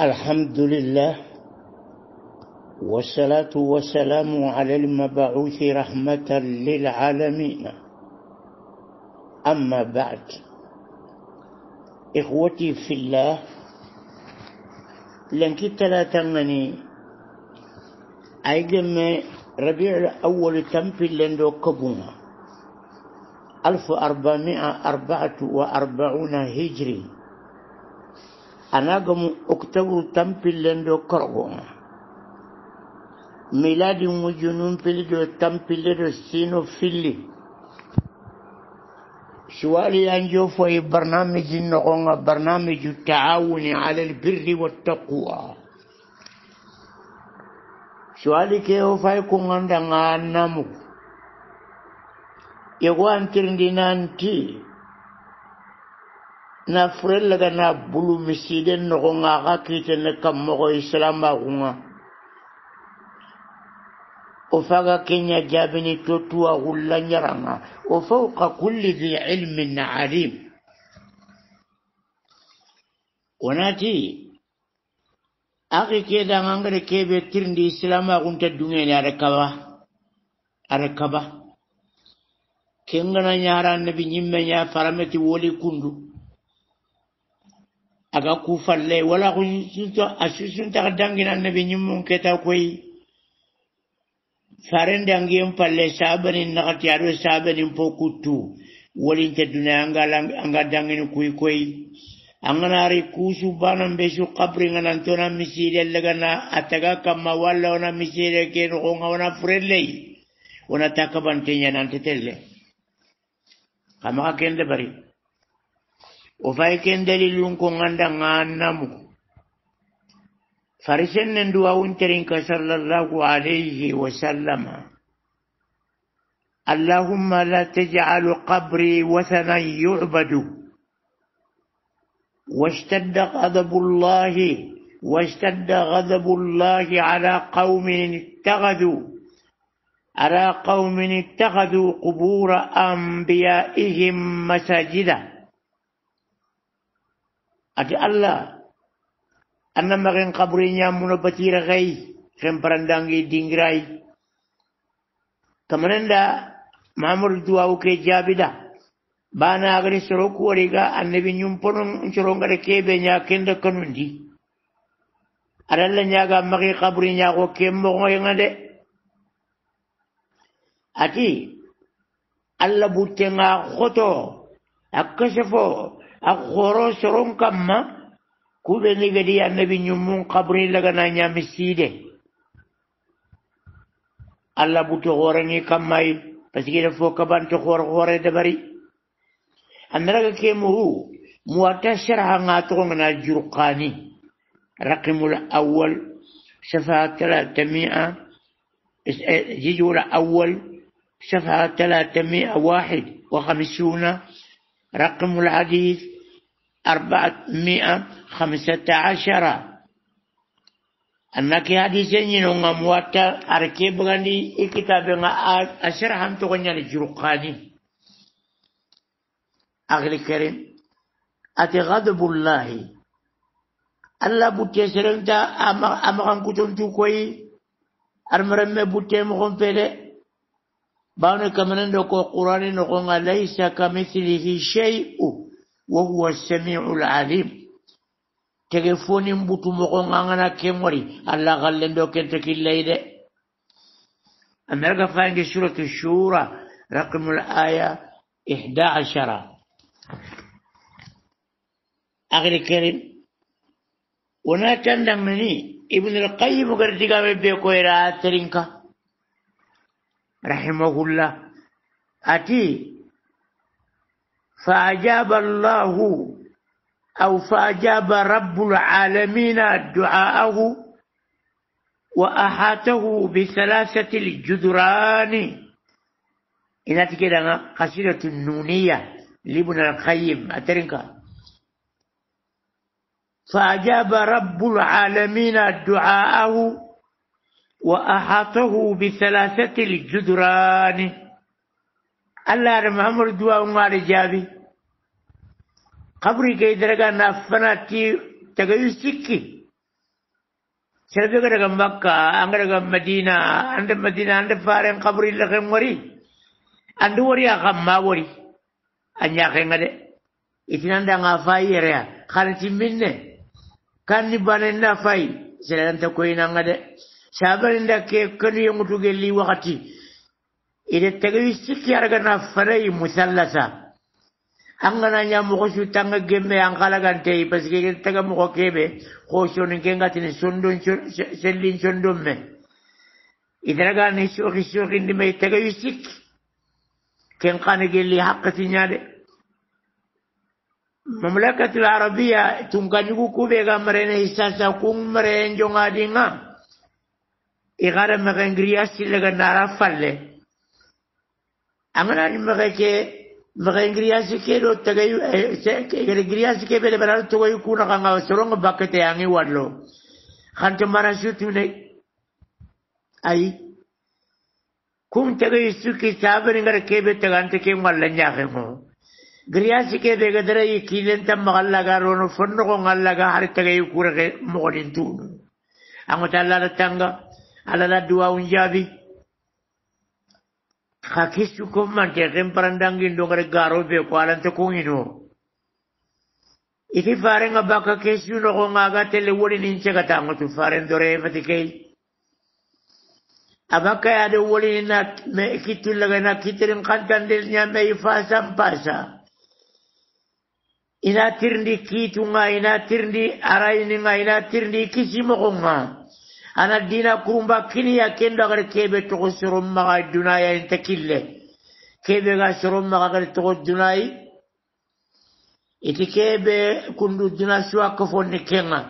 الحمد لله والصلاة والسلام على المبعوث رحمة للعالمين أما بعد إخوتي في الله لأنك لا تمني أيضا ربيع الأول في لندو كبوها ألف أربعمائة أربعة وأربعون هجري أنا قم أكتبر تنبيل لندو كرغو ميلاد مجنون فيلي جو تنبيل لندو سينو فيلي سوالي أنجو فوي برنامج النقونا برنامج التعاون على البر والتقوى سوالي كيهو فايكو غندا غانا ewantirindinanti na furelaga na bulu misiden nogonga aga kitene kammogo islamagunga o faga kenya jabini totuwa gulla nyaranga o fawqa kulli dhi ilmin alim wonati aki kedangangere kebe tirindi islamagunta dungene ada kaba ada kaba kengana ñara annabi ñimme ña farameti woli kundu aga ku falle wala ko asussuntaxa dangina annabi ñimmum keta koy farende angiyen palle sabanin naxati aɗo sabanin po kuttu wolinte dunaya anga dangini kuy koy anganari kusu banan be su kabri nganan tona misire legana ataga kama wala ona misire ke no ona furelei ona takabante nyanante telle kamaga kende bari ofay kendalilun ko nganda nganamu farisen nen ka sallallahu alaihi wa wasallama اللهم لا تجعل قبري وثنا يعبد واشتد غضب الله واشتد غضب الله على قوم اتخذوا أرى قوم اتخذوا قبور أنبيائهم مساجدا أتي الله أنا مغن قبرين من بطير غي خم برندانجي دينجراي كمنن دا معمر دواو كي جابدا بانا أغني سروك وريغا النبي نيمبون شرونغا كيبي نيا كند كنوندي أرى الله نياغا مغي قبرين نياغو كيمبو غيغا ati alla buttenga hoto a kasefo a horo soron kamma kuɓeni gadi annabi ñummun kabri lagana ñami siide allah butte horani kammayi par ce que ida fo kabante hoore hoore dabari andaraga kemuru muwatta sarhanga togongana jurkani rakimul awal safa tala tamia jijula awal صفحة 351 رقم الحديث 415 أنك حديث ينون موتا أركيب غني الكتاب أشر هم تغني لجرقاني أخي الكريم أتي غضب الله الله بوتي سرنتا أمغان كتن تكوي أرمرم بوتي مغن باون كمنندو كو قران نقول ليس كمثله شيء وهو السميع العليم تليفوني مبتو مقون انا كيموري الله غلندو كنتك الليل أمريكا فانجي سورة الشورى رقم الآية 11 أغلى كريم ونا تندمني ابن القيم قرتي قام بيكو إلى ترينكا رحمه الله أتي فأجاب الله أو فأجاب رب العالمين دعاءه وأحاته بثلاثة الجدران إنتي كده قصيدة النونية لابن القيم أترنك فأجاب رب العالمين دعاءه وأحاطه بثلاثة الجدران الله رمهم ردوا ومار جابي قبري كي درجة نافنا تي تغيو سكي سلبي كرجع مكة أنكرجع مدينة عند مدينة عند فارن قبري لكم وري عند وري أخم ما وري أنيا خنگده إثنان عند فاي ريا خالتي منه كان نبان النافاي سلان تكوين أنغده سابرين دا كيكري يمتو جلي وقتي إذا تغيستي كيارغنا فري مثلسة أنا نانيا مخشو تانغ جمي أنقالا غانتي بس كي تغي مخو كيبي خوشو نكين غاتين سندون سلين سندون مي إذا غاني شوخي شوخي نمي تغيستي كين قاني جلي حق تنياري المملكة العربية تنقل نقول كوبي غامرين إساسا مرين جونغا إغارة مغنغريا سيلغا نارا فالي أمنا المغيكي مغنغريا سيكيلو تغيو مغنغريا سيكي بلي برارو تغيو كونا غنغا سرونغ باكتي يعني والو خانت مراشوت مني أي كم تغيو سيكي سابر نغر كيبه تغانت كيم والن ياخمو giriyaasi kee bee gadara yi kiilenta magallaga roono fonnogo ngallaga hari tagayi kurege mogodin tuunu angota allada tanga على لا دوا ونجابي خاكيسو كم من تيقين برندانجين دونغر غارو بيكو علان تكوينو إتي فارن أباكا كيسو نغو نغاقا تلي ولي ننشيكا تانغتو فارن دوري فتكي أباكا يادو ولي نات مئكتو لغنا كترين قدن دل نعمة يفاسا مباسا ina tirndi kiitunga ina tirndi arayninga ina tirndi kisimogonga ana dina kurumba kiniya kendo gar kebe togo soron maga dunaya inta kille kebe ga soron maga gar togo dunayi iti kebe kundu duna suwa kofonni kenga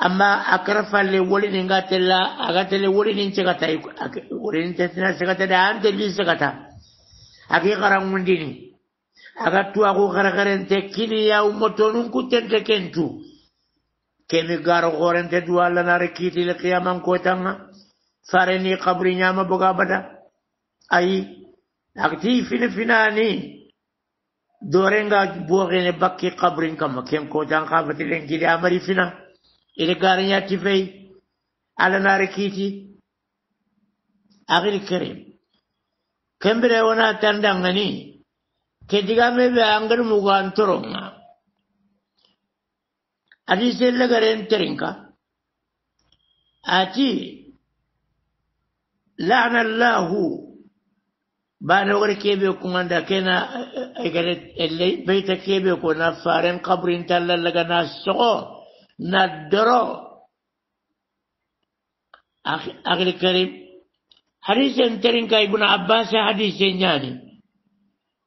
amma akara falle wolini ngatella agatelle wolinin cegata wolinin tetina segata da antelli segata aki garangundini aga tuwaku gargarente kiniya umotonun kutente kentu كمي غارو غورن تدوالا ناركيتي لقياما كوتانا فارني قبري نعم بغابدا أي أكتي فين فيناني دورنغا بوغين بكي قبرين كما كم كوتان قابتي لنجي أمري فينا إلي غارن ياتي على ناركيتي أخي الكريم كم بريونا تندغني كتغامي بأنغر مغان ترونغا أريسيلغرينترينكا أتي لعن الله بانو غري كيبي كوماندا كينا ايغريت اللي بيتا كيبي كونا فارن قبرين تالا لغا ناسو ندرو اخي اخي الكريم حديث انترين كاي ابن عباس حديث يعني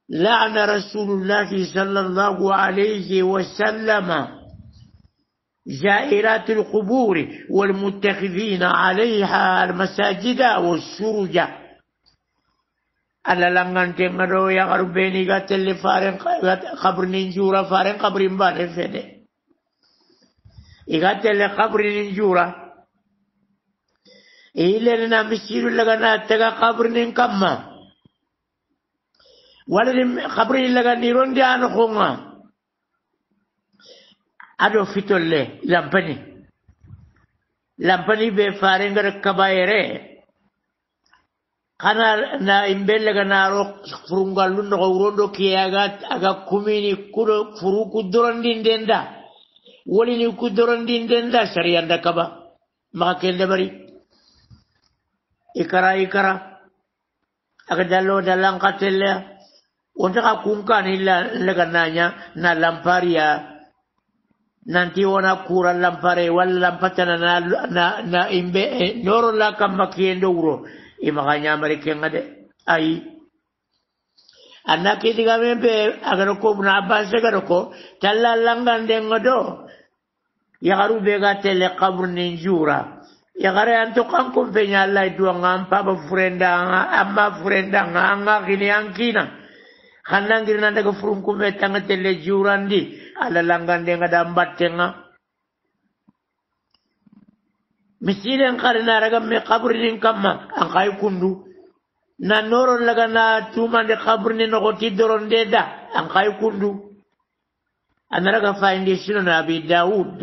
لعن رسول الله صلى الله عليه وسلم زائرات القبور والمتخذين عليها المساجد والسرج ألا لنغن تنغرو يا غربيني قتل فارن قبر ننجورة فارن قبر مبان فده يقتل قبر ننجورة إلا لنا مسير لغنا تغا قبر ننكما ولا قبر لغنا نيرون ديان خونا aɗo fitolle lampani lampani ɓe faare ngara kabayere kana na imbe laga naro furungallu nogo wurondo kiyaga aga kumini kuɗo furu ku dorondindenda da wolini ku dorondindenda da sariyanda kaba maga kende bari ikara ikara aga dallo dallankatelle wonta ka kunkanilla laga naña na lampariya nanti wona kuran lampare walla lampatana na na na imbe noro la kam makiyendo wuro imaga nyamare kenga de ay anna kitiga membe agaro ko na abase garo ko talla bega tele qabr ninjura yagare anto kan ko benya allah duanga ampa ba furenda amma furenda nga ngini ankina khanangirna daga furum kumbe tele jurandi على لانغان دينغا دام باتينغا misilen karina raga me kaburinin kamma an kay kundu na noron laga na tumande kaburni no goti doron de da an kay kundu an raga fayinde sino na abi daud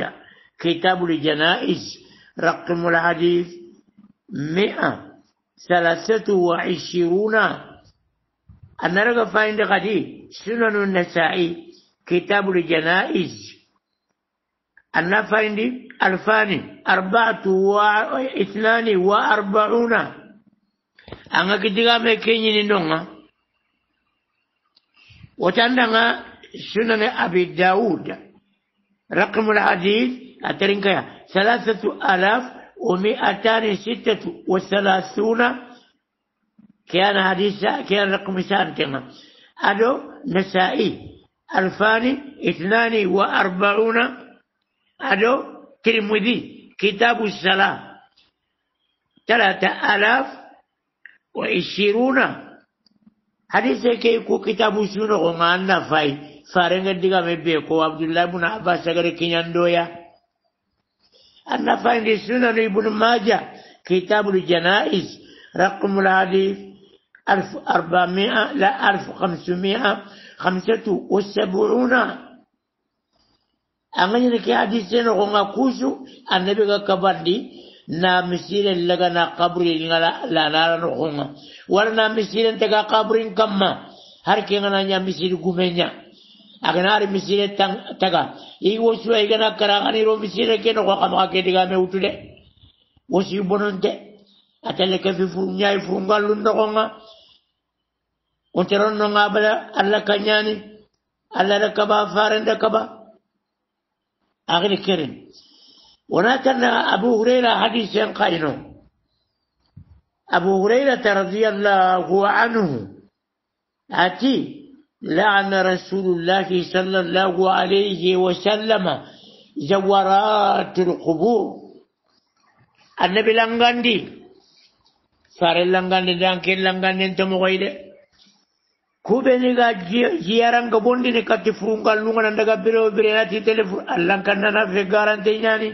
kitabul janaiz رقم الحديث مئة ثلاثة وعشرون أنا رقم فاين غدي سنن النسائي كتاب الجنائز النفع عندي ألفان أربعة واثنان وأربعون أنا كتير ما كيني نونا وتندنا سنن أبي داود رقم الحديث أترنك ثلاثة آلاف ومئتان ستة وثلاثون كان حديث كان رقم سانتنا هذا نسائي ألفان اثنان وأربعون أدو ترمذي كتاب الصلاة ثلاثة آلاف وعشرون حديث كيكو كتاب السنة وما فاي فارنغ ديغا مبيكو عبد الله بن عباس غير كينياندويا أنا فاي السنة ابن ماجه كتاب الجنائز رقم الحديث ألف أربعمائة لا ألف خمسمائة خمسة وسبعون أغني لك حديث أنا هم كوسو النبي كبر لي نا مسير لغا نا قبر لغا لا نارا نخونا ولا نا مسير تغا قبر كما هر كي غنا نا مسير كمينا أغنى مسير تغا إيه وسوى إيه غنا كراغاني رو مسير كي نخوا قمعا كي دغا ميوتو وسي بنون تي أتلك في فرنيا فرنغا لندقونا untiron no ngabala كنياني kanyani ركبا فارن ركبا أغني akhir kirin أبو هريرة حديث قائل أبو هريرة رضي الله عنه أتي لعن رسول الله صلى الله عليه وسلم زورات القبور النبي لانغاندي فار لانغاندي دانكين لانغاندي انتم غيره kubeniga jiyaranga bondine kati furunga lunga nandaga biro bire nati telefon allan kanna na fe garante nyani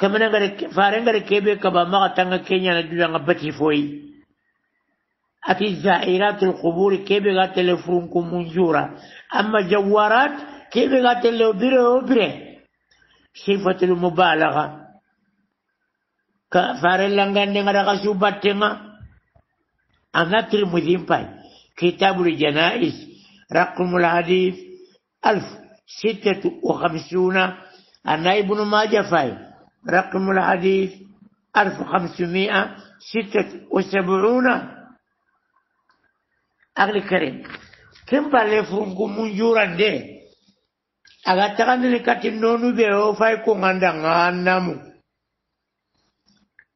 kamena ngare farenga re kebe kaba maga tanga kenya na duja ngabati foi ati zairatul qubur kebe ga telefon ku munjura amma jawarat kebe ga tele biro bire sifatul mubalagha ka farelanga ndinga daga subatenga أنا ترمذي باي كتاب الجنائز رقم الحديث ألف ستة وخمسون أنا ابن ماجة فاي رقم الحديث ألف خمسمائة ستة وسبعون أغلى كريم كم بالفهم كمون جوران ده agatakandini نونو nonu فاي fai kunganda نامو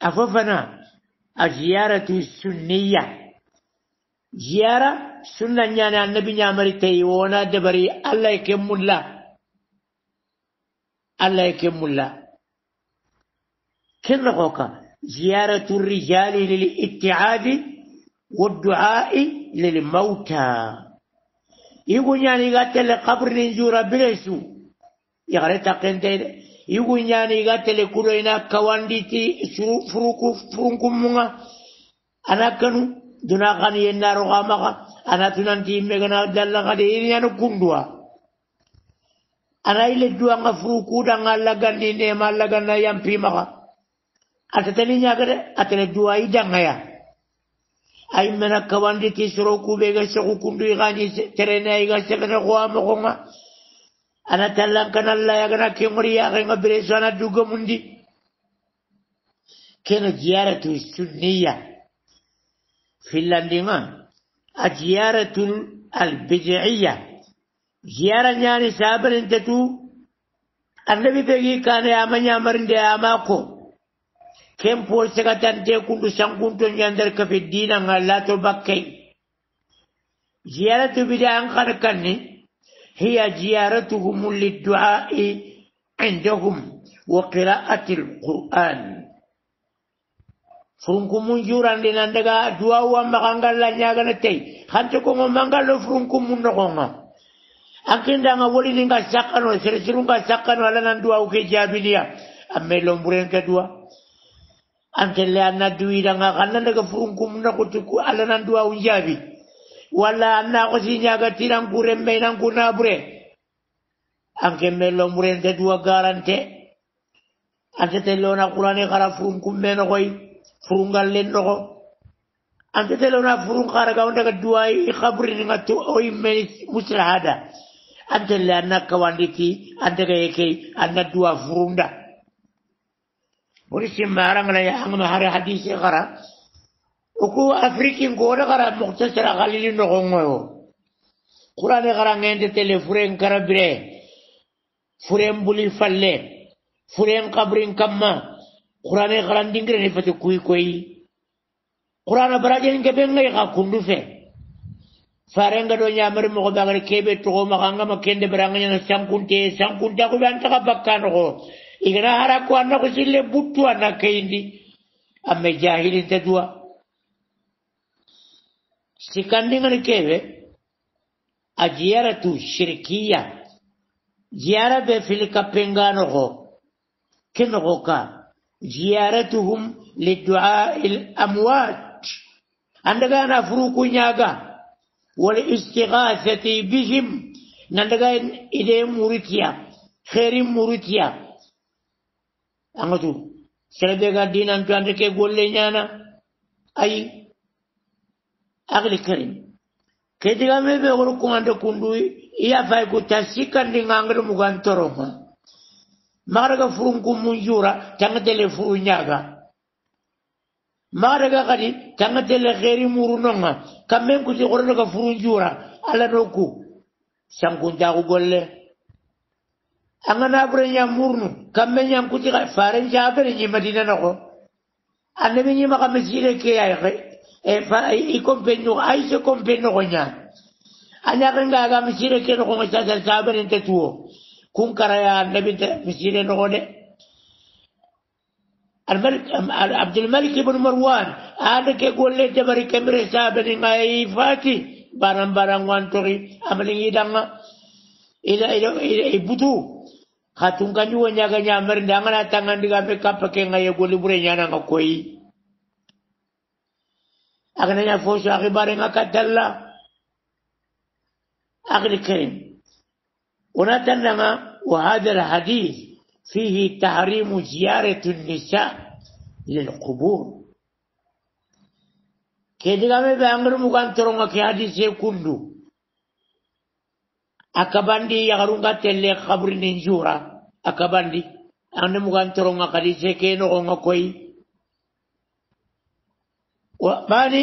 أفوفنا الزيارة السنية زيارة سنة نيانا النبي نعمري تيوانا دبري الله يكم الله الله يكم الله كن رقوقا زيارة الرجال للاتعاد والدعاء للموتى يقول يعني قاتل قبر نزور بلسو يغري تقين تيدا يقول يعني قاتل كلنا كوانديتي فروكو فرنكم مونا أنا كانوا duna gani yenna roga maka ana tunanti megana dalla gadi yenya no kundwa ana ile duwa nga furu kuda nga lagandi ne ma laganda yampi maka atatani nyagare atene duwa idanga ya ay mena kawandi ti soro kube ga shaku kundu igani terena iga shakana kwa mokonga ana tallan kana la ya gana kemuri ya ga bire sana duga mundi kena ziyaratu sunniya في اللندما أجيارة البجعية زيارة يعني سابر انتتو النبي بيجي كان يا من يامر انت يا ماكو كم فور فورسك تنتي كنت سنكنت يندرك في الدين أن الله تبكي زيارة بدعان خرقني هي زيارتهم للدعاء عندهم وقراءة القرآن furunkumun jurandi nan daga duwawa makangalla ñagana tey xante kongo mangallo furunkumun nogonga ankindanga wolininga sakkano seresirunga sakkano ala nan duwawu ke jaabiniya amme lomburen ke duwa antelle anna duwidanga xanna daga furunkumun nogotuku ala nan duwawu njaabi walla anna xosi ñaga tinankuren meynanku nabure anke me lomburen ke duwa garante ante tellona qurani xara furunkum me nogoy furungal len ɗoxo anta telona furun xaraga o ndaga duwayi xabrininga to o yimmeni muslahada antelle anna kawanditi andaga yekey anna duwa furunda woni simmarangana yaxangama hara hadise xara oku afrique ngoona xara moxtasara xalili noxongoyo xurane xarangente tele furen karabire furen buli falle furen xabrin kamma qur'ana qaran dingre ne fati kuy koy qur'ana barajen ke ben ngai ga kundu fe farenga do nyamar mo ko bagare kebe to ko maganga makende baranga na sankunte sankunta ko ban taka bakkan ko igana hara ko anna ko sille buttu anna kayindi amme jahilin te duwa sikandingani kebe a jiyaratu shirkiya jiyara be fili kappenganoxo ke noxo ka زيارتهم للدعاء الأموات عندما نفروق نياغا والاستغاثة بهم نندقى إديم موريتيا خير موريتيا أنتو سلبيغا دين أنتو عندك يقول لي لنا أي أغلى كريم كدغامي بيقولكم عندكم دوي يا فايكو تاسيكا دين أنغر مغان تروما magaraga furunku munjura tanga dele furu ñaga magaraga kadi tanga dele xeri muru nonga kammen kuti xoronaga furun jura ala no ku sankuntaxu golle anga nabure ña murnu kamme ñan kuti faren caabere ñi madina noxo annabi ñima xa mesire ke ay xe i compe noxo ay se compe noxo ña a ñaxengaga mesire ke noxonga cagar caabere nte tuwo كنكريا النبي مسجد نغوني الملك عبد الملك بن مروان أنا كقول لي تبري كمري سابني غاي فاتي بارم بارم وان توري أملي يدانا إلى إلى إلى إبتو خاتون كان يو نيا كان يامر دانا تانغان ديغا بكا بكي غاي غولي بري نانا كوي أغنى فوشو أخبارنا كتلا أغنى كريم ونتنما وهذا الحديث فيه تحريم زيارة النساء للقبور كدغامي بانغر مغان ترونغا كي حديث كندو akabandi yagarunga telle khabri ninjura akabandi ande mugan toronga kadise ke no gonga koi wa bani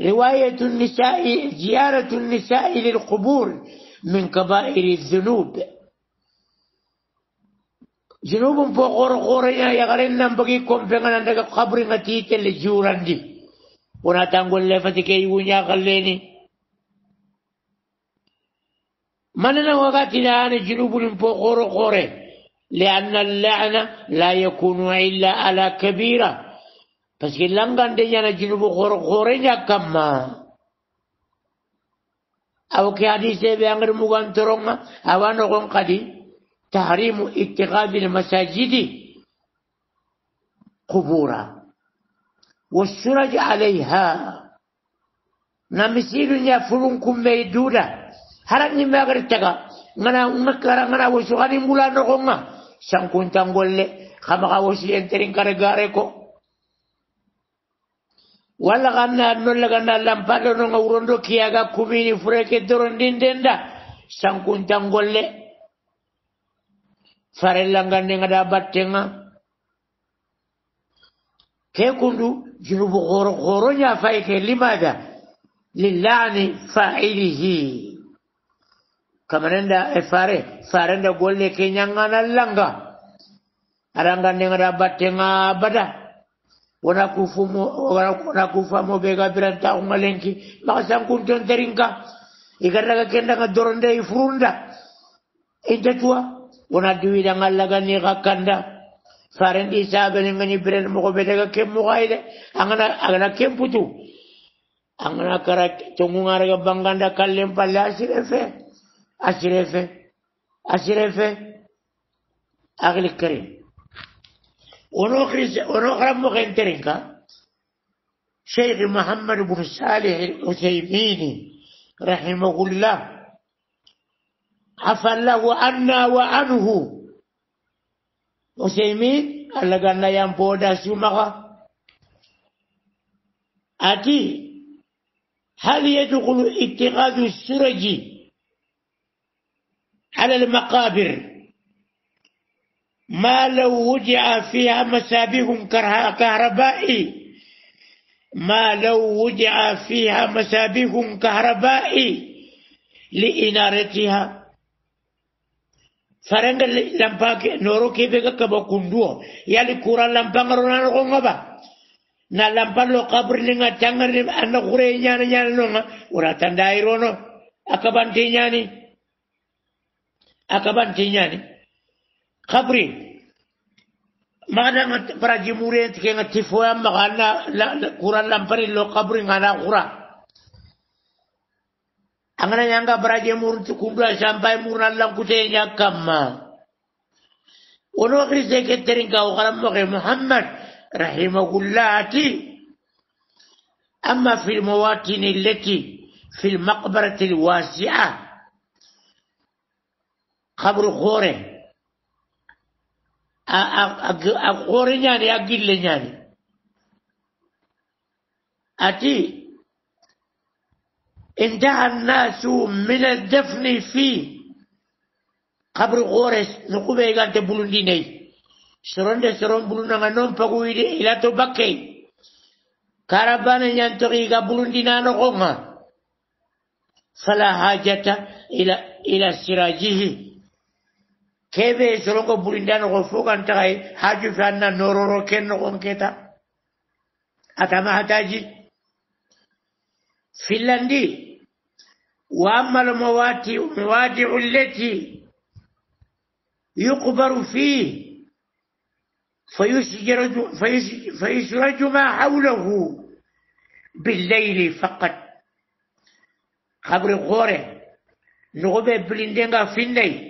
رواية النساء زيارة النساء للقبور من كبائر الذنوب ذنوب بقور قورنا يغرن بقي كم بيننا نك اللي نتيت الجورندي ونا تانقول لفتك يونيا غليني ما مننا وقتنا أنا جنوب بقور قورة لأن اللعنة لا يكون إلا على كبيرة بس لنغان أنا جنوب قور قورنا كما أو كيادي سيبي أنغر مغان ترون أو غن قدي تحريم اتقاب المساجد قبورا والسرج عليها نمسيل يفرون كم ميدودا هرق نما غرتك غنا مكرا غنا وشغالي مولانو غنا شان كنت أنغولي خمغا وشي انترين كارغاريكو walla ganna nolla ganna lampallo non a wurondo kiyaga kumini fureke dorondindenda sankuntangolle farellangandenga da battenga ke kundu junubu horo horo nya faike limada lillani fa'ilihi kamanenda e fare farenda golle ke nyangana langa arangandenga da battenga bada wanakufa mobega biranta umalenki makasankunton terinka igarraga kendanga doronde ifurunda intatua wona duwidanga lagani kakkanda farendi isabeni ngani biren mogo bedega kem mugaide angana angana kem putu angana kara tongungara ga banganda kallem palle asirefe asirefe asirefe agli karim مغين مغندرنكا شيخ محمد بن صالح العثيمين رحمه الله عفى الله عنا وعنه عثيمين قال لنا ينبودا سمغا أتي هل يدخل اتخاذ السرج على المقابر ما لو وجع فيها مسابيهم كهربائي ما لو وجع فيها مسابيهم كهربائي لإنارتها فرنگ لمبا نورو کی بگا کبا کندو یعنی کورا لمبا نرونا نگونگا با نا لمبا لو قبر نگا چنگر نگا انا غوری نانا نانا نگا ورا تندائی رونو اکبان تی اکبان خبري ما أنا براجي مورين تكين نتفوا ما أنا لا قرآن لامبري لو خبرين أنا قرآن أنا يانغا براجي مورين تكوبلا شامباي مورنا لام كتير يا كما ونو خريسة كتيرين كاو خلام محمد رحمه الله تي أما في المواطن التي في المقبرة الواسعة قبر خوره أقوري ناني أتي انتهى الناس من الدفن في قبر غورس نقوم إيغان تبولون ديني سرون دي سرون بولون نغا نوم بقوي دي إلا تبكي كاربانا ينتغي قبولون دينا نغوما فلا حاجة إلى إلى سراجه كيف يسرق بريندان غفوك أنت غاي حاجة فانا نورورو كن نقوم كيتا أتما هتاجي فنلندي وأما المواد المواد التي يقبر فيه فيسرج ما حوله بالليل فقط قبر غوره نغبه بلندنغا في الليل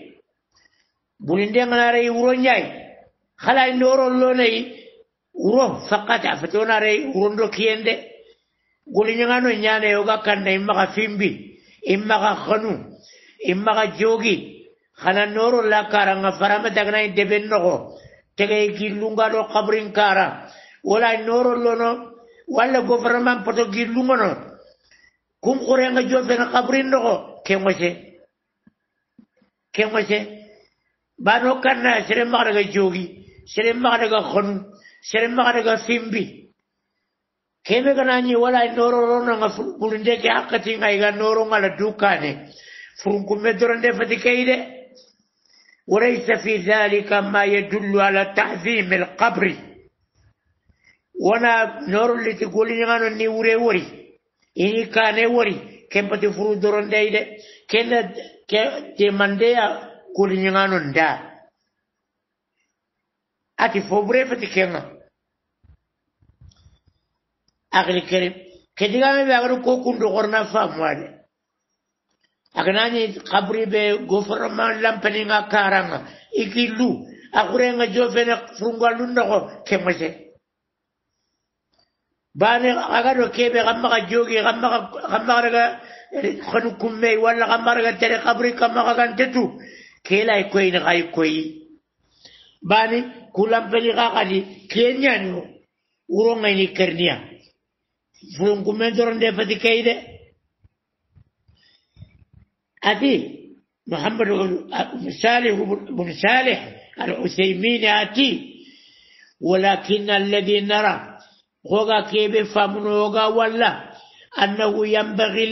bulindenganarey wuro ñaay xala inde orollo nayi wuro fakkata fetonarey wurondo kiyende goliñangano ñaanayoga kanna immaxa fimbi immaxa xanu immaxa joogi xana norolla karanga farama daganayi deben noxo tegey gillungano xabrin kara wala norollono walla gouvernement poto gillungono kum xurenga jofena xabrin noxo kengose kengose بانو كنا سرم مغرق جوغي سرم مغرق خنو سرم مغرق فيمبي كيف كنا ني ولا نورو رونا بولندي كي حقتي غايغا نورو على دوكاني فرنكم مدرن دي فتكيده وليس في ذلك ما يدل على تعظيم القبر وانا نور اللي تقول لي انا ني وري وري اني كان وري كم بتفرو درن دايده كان كان دي مانديا kuliñangano nda ati fo burefeti kenga akili kerim kedigame be agani ko kundo gorna famuade aganani kabri be gouvernement lampaninga karanga iki lu akurenga jofene furungalu ndogo kemose bane agado kebe gammaga jogi gammaga gammaga خنكم مي ولا غمر تري قبري كما غان تتو kela ikoyi ni kai koyi bani kulam peli ka kadi kenya no uronga ni kernia fulun kumendor nde pati kaide ati محمد بن صالح بن صالح العثيمين أتي ولكن الذي نرى هو كيف فمنوغا ولا أنه ينبغي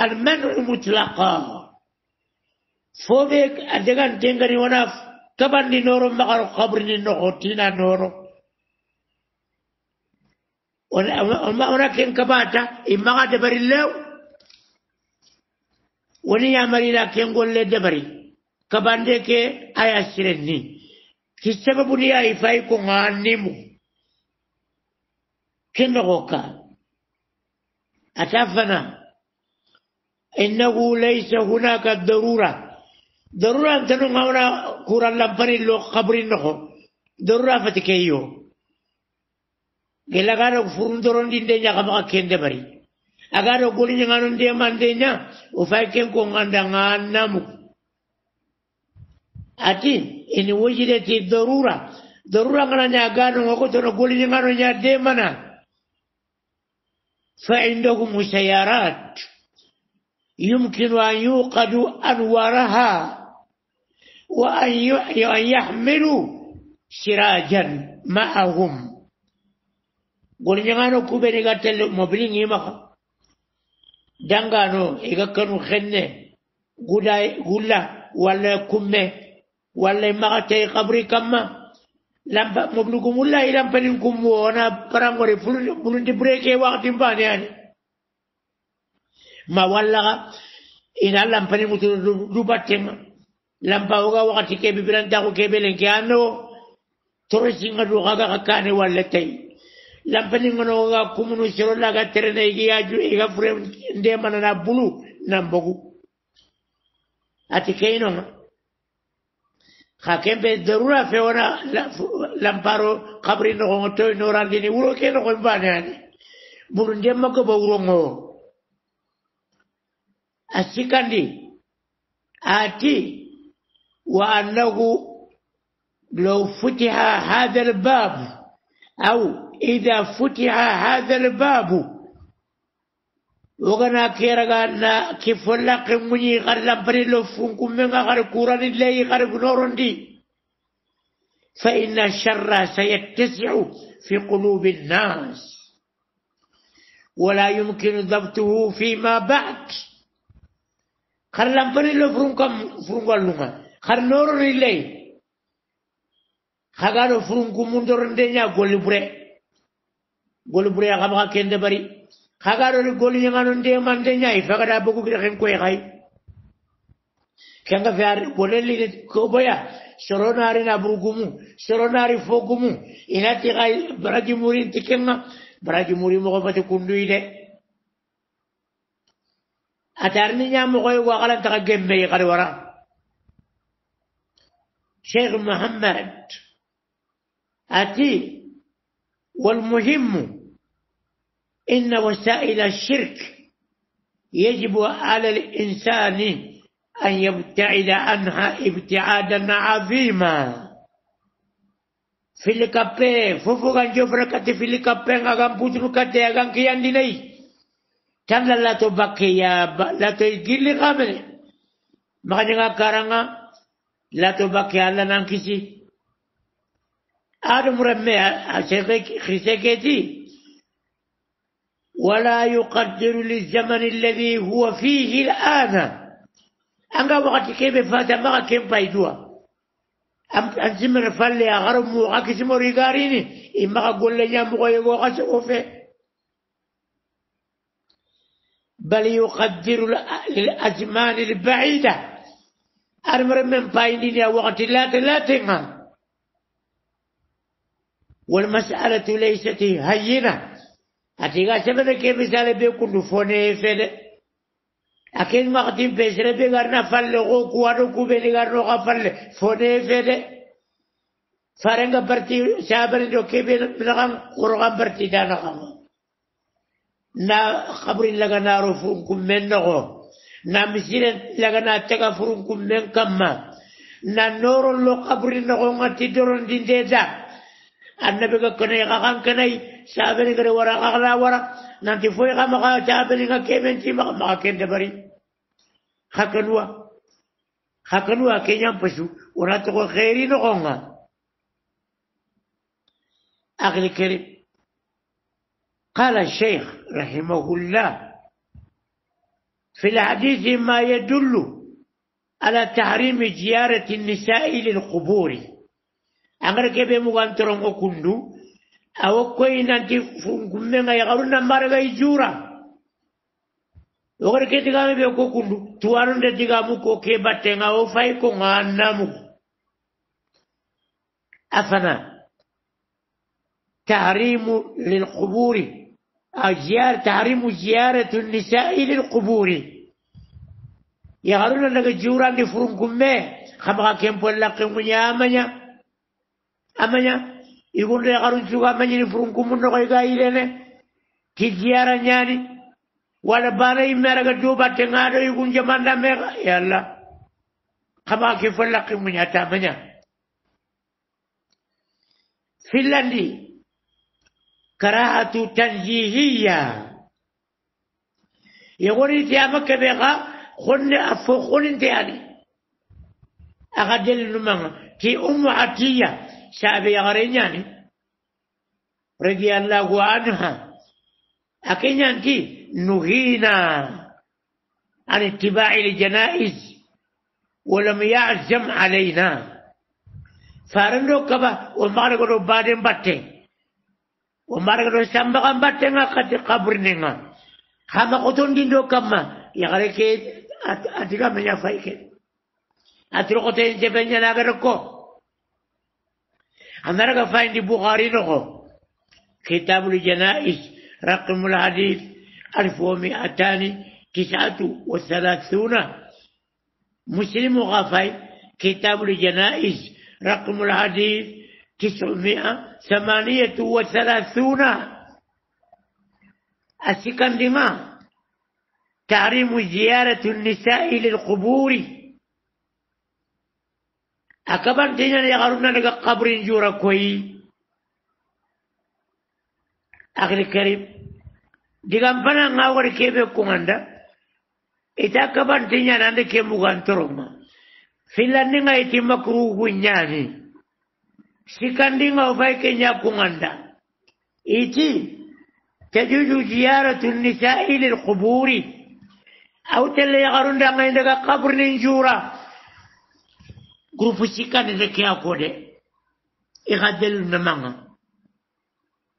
المنع مطلقا فوبيك أدغان تنغري وناف تبان دي نورو مغارو خبر دي نوخو تينا نورو كين كباتا إما قد بري اللو وني لا كين قول لي دبري كبان ديك آيا سيرني كي سبب لي آي فايكو غانيمو كين غوكا أتافنا إنه ليس هناك ضرورة ضرورة أن تنغونا كورا لبني لو قبرين نخو ضرورة فتكيو gela garo furun doron din de nya kama kende bari agaro goli nya ngaron de man de nya o fa ken ko nganda nganamu ati eni wajide ti darura darura ngana nya gano ngoko to goli nya ngaron nya de mana fa indahum mushayarat يمكن أن يوقد أنوارها وأن يحملوا سراجا معهم قل جانو كوبيني قتل مبلين يما دانغانو إيغا كنو خنة غلا ولا كمة ولا مغتي قبري كما لما مبلوكم الله لما بلنكم وانا برانغوري فلنتي بريكي وقت مباني يعني ما ولا إن الله بلنكم دوباتي lampauga wakati kebe birantaku kebe lenke anno torosinga dugaga kakane wallatai lampaningonoga kumunu siro laga terena igiyaju iga fure ndemana na bulu nambogu ati keino hakembe darura feona lamparo kabri nogongo toy norandini wuro ke nogon baneani bulu ndemma gobo wurongo asikandi ati وأنه لو فتح هذا الباب أو إذا فتح هذا الباب وغنا كيرغانا كفلا قمني غلم بريلو فنكم من غير كوران الله غير دي فإن الشر سيتسع في قلوب الناس ولا يمكن ضبطه فيما بعد خلم بريلو فرنكم فرنكم خنور لله خغانو فرنكو مندور ندنيا غولي بري غولي بري خما كند بري خغانو غولي نغانو ندي مان دنيا فغدا بوكو خن كوي خاي كان فيار غولي لي كوبيا سروناري نابروغومو سروناري فوغومو اناتي غاي براجي مورين تكنا براجي موري مغبت كوندوي دي أتارني يا مغوي وغلا تغا جنبي غرورا شيخ محمد أتي والمهم إن وسائل الشرك يجب على الإنسان أن يبتعد عنها ابتعادا عظيما في الكابي فوفو كان جوفر كاتي في الكابي غان بوتر كاتي غان كيان ديني كان لا تبكي يا با لا تيجي لي غامل ما غادي غا كارانا لا تبكي على نانكسي أنا مرمي خسكتي ولا يقدر للزمن الذي هو فيه الآن أنا وقت كيف فات ما كيف بايدوا أن زمن فالي أغرم وعكسم مريقاريني إما أقول لي يا مغيب وغسوفي بل يقدر للأزمان البعيدة أرمر من باينين وقت لا تلاتنا والمسألة ليست هينة أتيغا سبنا كي مثال كنت فوني فد أكيد ما مقدم بيسر فل فلغو كوانو كوبيني غرنا غفل فوني فد فارنغا برتي سابر جو كي بلغم قرغم برتي دانا غم نا خبر لغا نارو فونكم من نغو نعم نامسيرن لغنا تكا فرون كمن كما نانور لو قبر نغون تيدرون دين ديزا النبي كن يغان كناي سابن غري ورا غلا ورا نانتي فوي غما غا تابن غا كيمن تي ما ما كين دبري خكنوا خكنوا كينيام بشو ورا تقو خيري نغون أغلى كريم قال الشيخ رحمه الله في الحديث ما يدل على تحريم زيارة النساء للقبور أمرك كيف مغانترون أكندو أو كوين أنت فنكمنا يغرون مارغا يجورا ogara ke digame ɓe ko kundu tuwanunde digamu ko ke battenga o fay أجيار تحرم زيارة النساء للقبور يهرون لك جورا لفرن كمي خبغا كم بولا كم يا أمانيا أمانيا يقول لي هرون سوغا أمانيا لفرن كم نغي غايلين كي زيارة نياني ولا بانا يمارا دوبا تنغادو يقول جمانا ميغا يا الله خبغا كم بولا كم يا تامانيا فنلندي كراهة تنزيهية يقول انت امك بيغا خن افو خن انت يعني اغدل نمان تي ام عطية سابي غرين يعني رضي الله عنها أكين أنت نهينا عن اتباع الجنائز ولم يعزم علينا فارنو كبا ومارغو بعدين باتين ومارك رسام ومارغ باتنا قد قبرنا خاما قطون دين دو كما يغريك أتيكا من يفايك أترو جبن جبنجا ركو أنا رقا فاين دي بخاري نغو كتاب الجنائز رقم الحديث ألف ومئتان تسعة وثلاثون مسلم غفاي كتاب الجنائز رقم الحديث تسعمائة ثمانية وثلاثون دماء تعريم زيارة النساء للقبور أكبر دينا يغرون لك قبر جورا كوي أخي الكريم digan fana nga wari kebe kumanda ita kaban tinya nande ke mugan toroma filan ni nga sikandinga ufaike nyakunganda إيتي تجوز زيارة النساء للقبور أو تلي غرون دا عندك قبر نجورا قروف سيكان ذكي أقول إغادل نمانا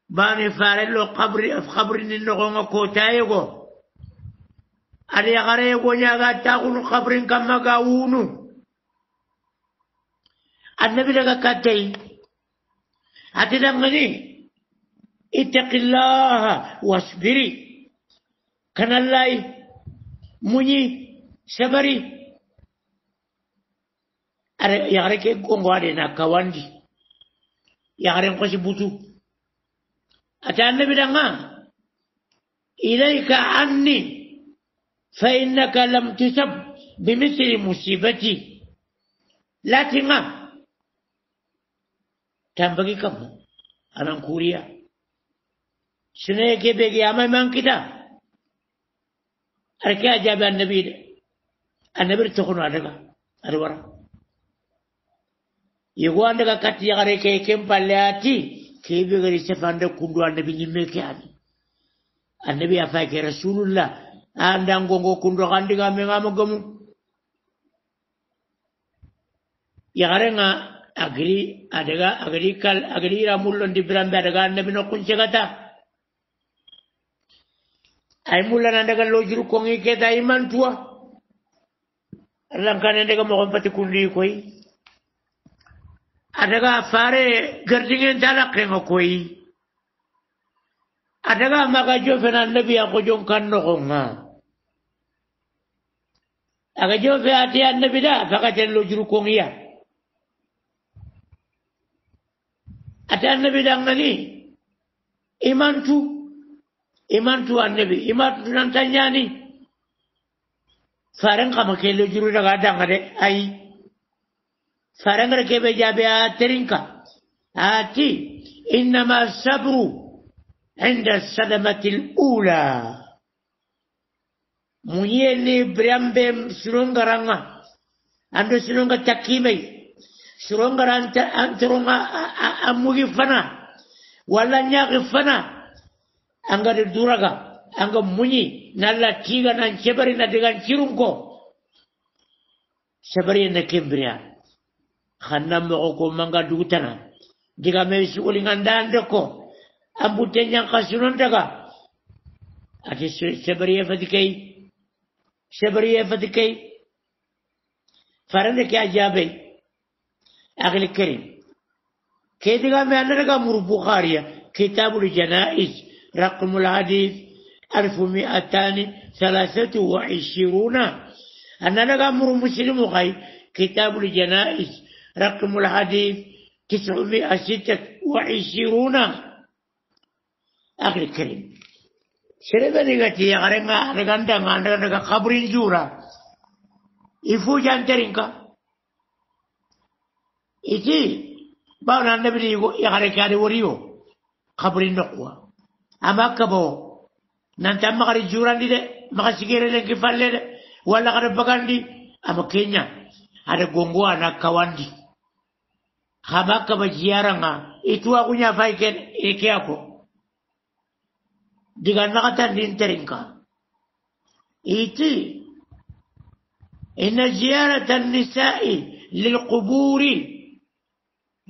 باني فارلو قبر في قبر ننغونا كوتايغو ألي غريغو نياغا تاغون قبر كما غاونو النبي لغا كاتين هتدمني اتق الله واصبري كان الله مني صبري يا ke kongo غادي نكواندي يا yagare nkosi butu ata annabi danga إليك عني فإنك لم تسب بمثل مصيبتي لا تنام تنبغي كم أنا كوريا سنة كي بيجي أما إمام كده أركي أجاب النبي النبي تكون على الورا يقول عندك كات يغري كي كم بالياتي كي بيجي سفان ده كندو النبي نيمي كياني النبي أفاك رسول الله عندنا غونغو كندو عندنا مين عم قوم يغرينا agri adaga agrikal agrira mullon dibran be adaga annabi no kun cegata ay mullan adaga lo jiru ko ngi ke dai man tuwa ran kan adaga mo kon pati kundi koy adaga fare gardingen dala ke ngo koy adaga maga jo fe annabi ya ko jon kan no nga aga jo fe ati annabi da fakat lo jiru ko ngi ya ate annabi dangani imantu imantu annabi imantu nanta ñani faren kama kelle juru daga danga de ayi faren gara kebe jabe a terinka ati innama sabru inda sadamati lula muñiyeni biranbe silongaranga ando silonga takkimey شرونغر أنت أنت رونغ أموغي فنا ولا نياغي فنا أنغر دورغا أنغر مني نالا تيغا نان شبري ندغان شرونكو شبري نكبريا خنا مغوكو مانغا دوتنا ديغا ميسي ولي غاندان أبو تنيان خسرون دغا أتي شبري فتكي شبري فتكي فرنك يا جابي أخي الكريم كيف قام أنا رقم بخاري كتاب الجنائز رقم الحديث 1223 أنا رقم مسلم غي كتاب الجنائز رقم الحديث 926 أخي الكريم شربني قتي أغرنا أغرنا أغرنا قبرين جورا إفو جانترينكا إتي باونا النبي يغاري كاري وريو خبرين نقوى أما كبو نانتا مغاري جوران دي مغا سيكيري لنكي فالي ولا غاري بغان دي أما كينيا هذا غونغو أنا كوان دي خبا كبا جيارانا إتوا غنيا فايكين إكياكو ديغان نغتا ترينكا إتي إن زيارة النساء للقبور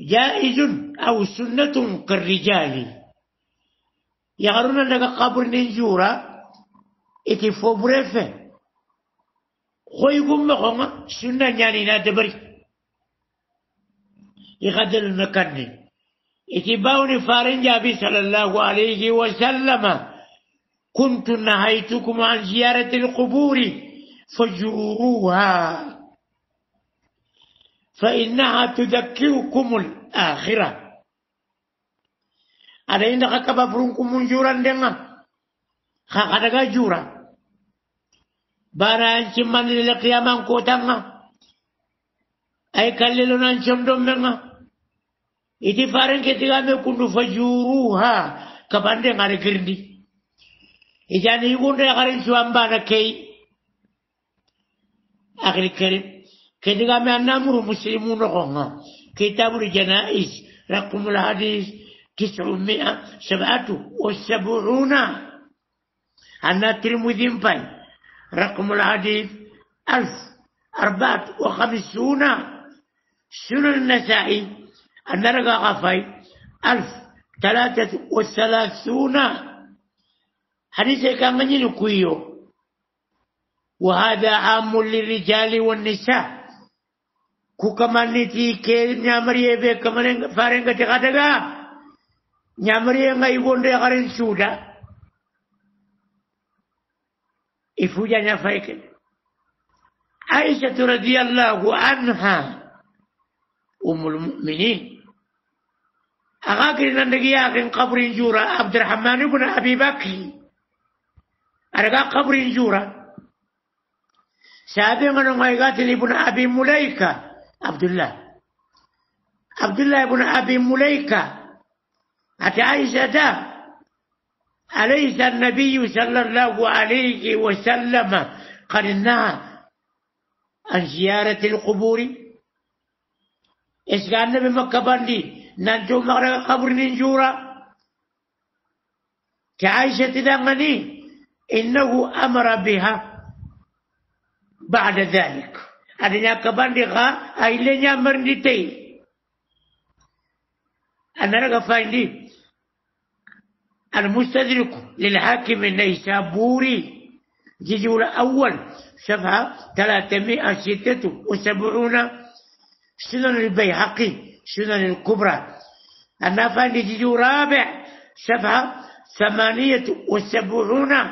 جائز أو سنة كالرجال يغرون لك قبر ننجورا إتي فوبريفة خويكم مخونا سنة يعني نادبري يغدل المكان إتي باوني فارن جابي صلى الله عليه وسلم كنت نهيتكم عن زيارة القبور فجروها فإنها تذكركم الآخرة ada inda ka kaba burunku mun juran denga ka kadaga jura baran cimman lil qiyamam ko tanga ay kallelo nan cimdom menga iti faran ke tiga me kundu fajuruha kabande ngare girdi ijani yugunde garin suamba na kei akhir kerim كدغا ما نامر مسلمون غنغا كتاب الجنائز رقم الحديث تسعمائة سبعة وسبعون أنا ترمذي باي رقم الحديث ألف أربعة وخمسون سنن النسائي أنا رقا غفاي ألف ثلاثة وثلاثون حديث كان غني وهذا عام للرجال والنساء kukamaniti ke nyamariye be kamaren farenga te kadaga nyamariye ngai gonde garen suda ifuja nyafaike Aisha radhiyallahu anha umul mu'minin agakiri nandagi yakin qabrin jura Abdurrahman ibn Abi Bakri araga qabrin jura sabi ngano ngai gatil ibn Abi Mulaika عبد الله عبد الله بن أبي مليكة عائشة ده أليس النبي صلى الله عليه وسلم قد نهى عن زيارة القبور إيش قال النبي مكة بندي ننجو مغرب قبر ننجورا كعائشة دمني إنه أمر بها بعد ذلك அது ஞான் கபாண்டிகா இல்லை ஞான் மறந்துட்டேன் أنا غفاين لي المستدرك للحاكم النيسابوري جزء الأول صفحة 376 سنن البيهقي سنن الكبرى النافان جزء رابع صفحة 78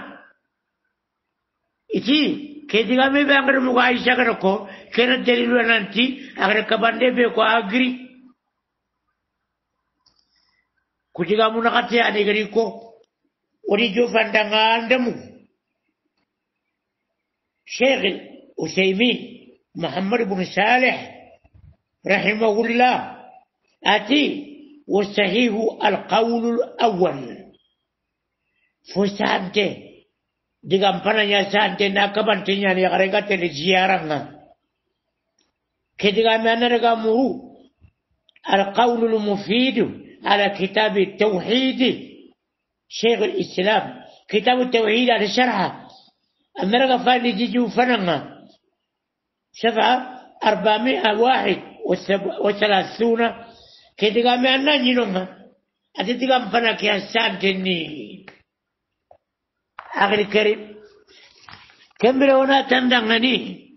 إتي كذا مي بانغر مغاي شغر كو كنا دليل ونانتي أغر كباندي بيكو أغري كتيغا منغتي أني غريكو ودي جو فاندانغا عندمو شيخ الأسيمين محمد بن صالح رحمه الله أتي والصحيح القول الأول فسانته digampana nya sante na غریگا nya ni garega tele ziyaranga كدغا منرغا مو القول المفید على كتاب التوحيد شيخ الإسلام كتاب التوحيد على شرحه أمرغا فالي جيجو فنما شفعة أربعمائة واحد وثلاثون كدغا منرغا نينوما أتدغا فنكي هسان تنين أخي الكريم كم لونا تندغني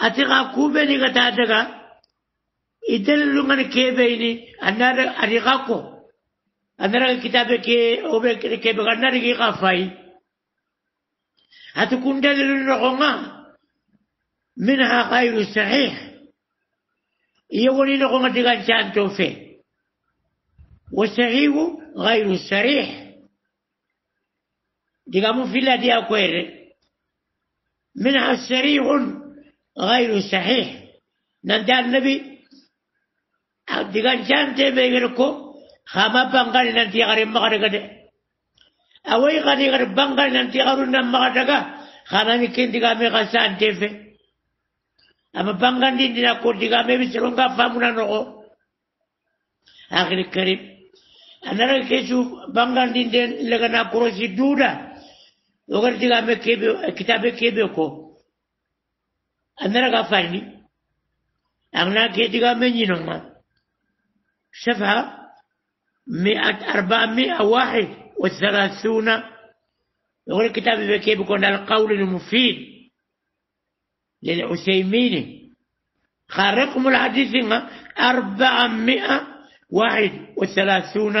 أتقى كوبيني نغتا إدل لغن كيبيني أنا أريقاكو أنا كتابة كي أو كيبغا أنا ريقا فاي هتكون دليل نغنى منها غير صحيح يولي نغنى تغنشان توفي وصحيح غير الصريح دقامو في الذي أكوير منها سريع غير صحيح نندا النبي دقان جان تي بيغركو خاما بانغال ننتي غريب مغرقة أوي غادي غير بانغال ننتي غرو نم مغرقة خانا مكين دقامي غسان تيفي أما بانغال دي دينا كور دقامي بسرونغا فامونا نغو آخر الكريم أنا رأيك يشوف بانغان دين لغنا كروسي دودا وغير قام كيبي كتابي كيبيكو أنا رقا فاني أنا كي تقام من شفا مئة أربع مئة واحد والثلاثون يقول الكتاب كيف يكون القول المفيد للعثيمين خارقهم الحديث أربع مئة واحد والثلاثون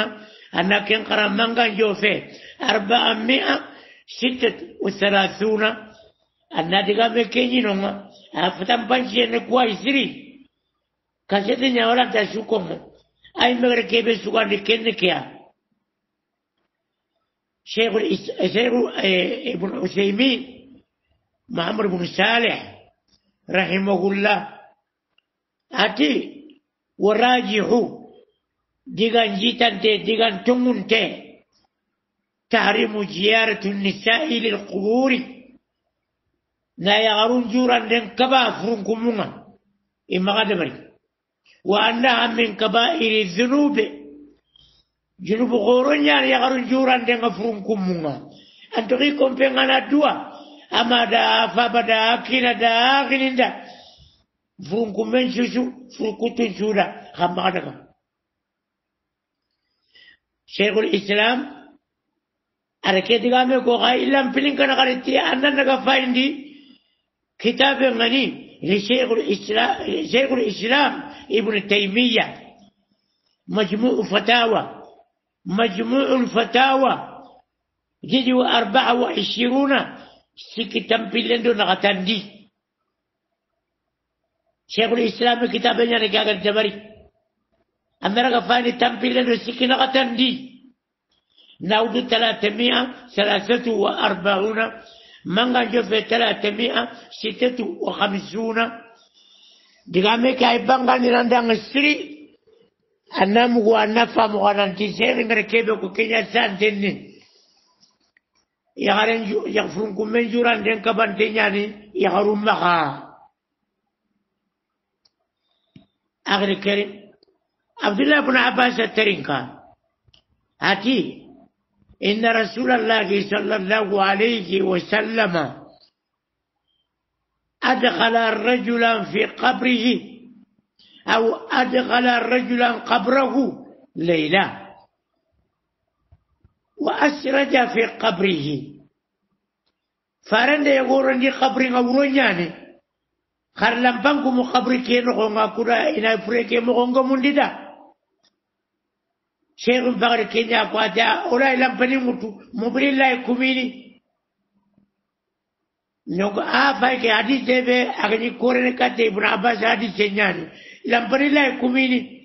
أنا كنقرأ من كان جوفي أربع مئة ستة وثلاثون النادي قام نوما أفتن بانشي نكوا يسري كاسيتي نيولا تشوكم أي مغر كيف سوكان لكين كيا شيخ الشيخ إيه، ابن عثيمين معمر بن صالح رحمه الله أتي وراجحوا ديغان جيتان تي ديغان تمون تي تحرم زيارة النساء للقبور لا يغرون جورا فرون فرنكمونا إما غدبري وأنها من كبائر الذنوب جنوب غورون يعني يغرون جورا لنفرنكمونا أن تغيكم في دوا أما دا دا أكينا دا أكينا دا فرنكمين شوشو فرنكتن شودا خمغدكم شيخ الإسلام أركي قامي كوغا إلا مفلين كان قريتي أنا نكفاين دي كتاب غني لشيخ الإسلام, شيخ الإسلام ابن تيمية مجموع فتاوى مجموع الفتاوى جدي وأربعة وعشرون سكتم بلندو نغتان دي شيخ الإسلام كتابنا يعني كاغر جبري أمرا غفاني تم بلندو سكي نغتان دي ناود 343 مانغا جو في 356 ديغامي كاي بانغا نيراندان سري انام غو انا فام غو انا تيسير مركي بكو كينيا سانتيني يغارن جو يغفرون كومين جوران دين كبان تينياني يغارون مخا اغري كريم عبد الله بن عباس الترينكا هاتي إن رسول الله صلى الله عليه وسلم أدخل رجلا في قبره أو أدخل رجلا قبره ليلة وأسرج في قبره فارن يقول أني قبر غورون يعني خرلم بانكم قبر كي خونغا كورا إنا فريكي مغنغا مونددا شيخ فقر كينيا قواتا ولا لمبني متو مبري لا كوميني نوغ آ باي كي حديث دے بے اگنی کورن کا تے ابن عباس حدیث چنیانی لمبني لا كوميني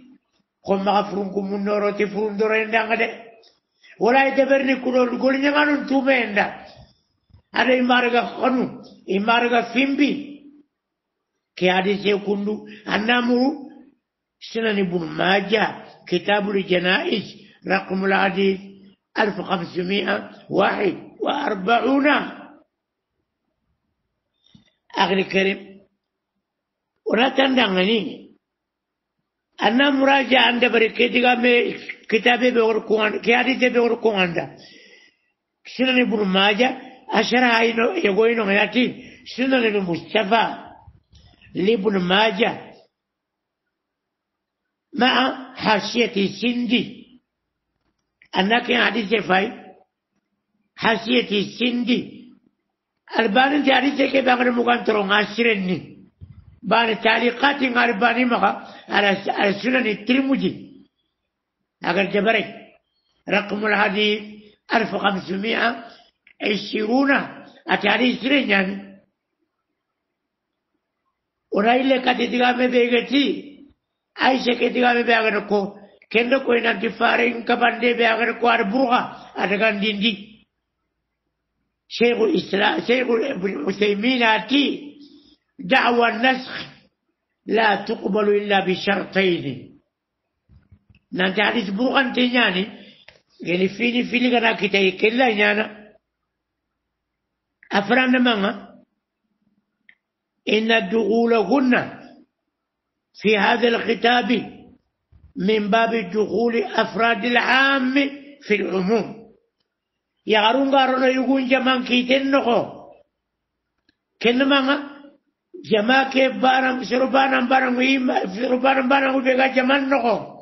قوم مغفرون كم نورو تفرون دورين دانگدے ولا يدبرني كلول گولي نگانون توبين دا ada imbarga khanu imbarga fimbi ke hadise kundu annamuru sina ni bun maja كتاب الجنائز رقم الحديث 1541 أخي الكريم ولا تندغني أنا مراجع عند بركتك كتابي بغر كوان كيادتي بغر كوان سنن ابن ماجة أشرا يقولون غياتي سنن المصطفى لابن ماجا مع حاشية السندي أنك حديث فاي حاشية السندي الباني تعريف كي بغر مكان ترون عشرني بان تعليقات غرباني مغا على السنن الترمجي أغر جبري رقم الحديث ألف وخمسمائة عشرون أتعريف سرين يعني ورأي لك تتغامي بيغتي عائشة كتير كامي بيعن ركو كندا كوينا تفارين كباندي بيعن ركو أر بروها أتكان ديندي شيخ الإسلام شيخ المسلمين أتي دعوة النسخ لا تقبل إلا بشرطين نادي حديث بوغان تنياني يعني فيني فيني كنا كتاي كلا نانا أفران مانا إن دخولهن في هذا الخطاب من باب دخول أفراد العام في العموم يا يغرون قارون يقول جمان كيتن نخو كنما جما كيف بارم سربانم بارم ويم سربانم بارم وبيغا جمان نخو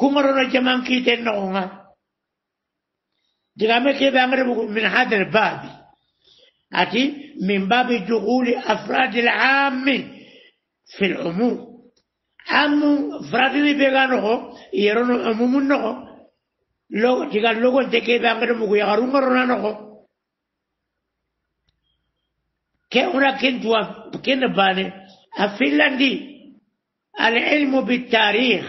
كمرنا جمان كيتن نخو دقامة كيف أمر من هذا الباب أتي من باب دخول أفراد العام في العموم عم فراتي بيغانو يرون عموم نو لو تيغان لو لوغو كي بانغر مو يغارون غرونا نو كي كأنا كنت كن باني الفنلندي العلم بالتاريخ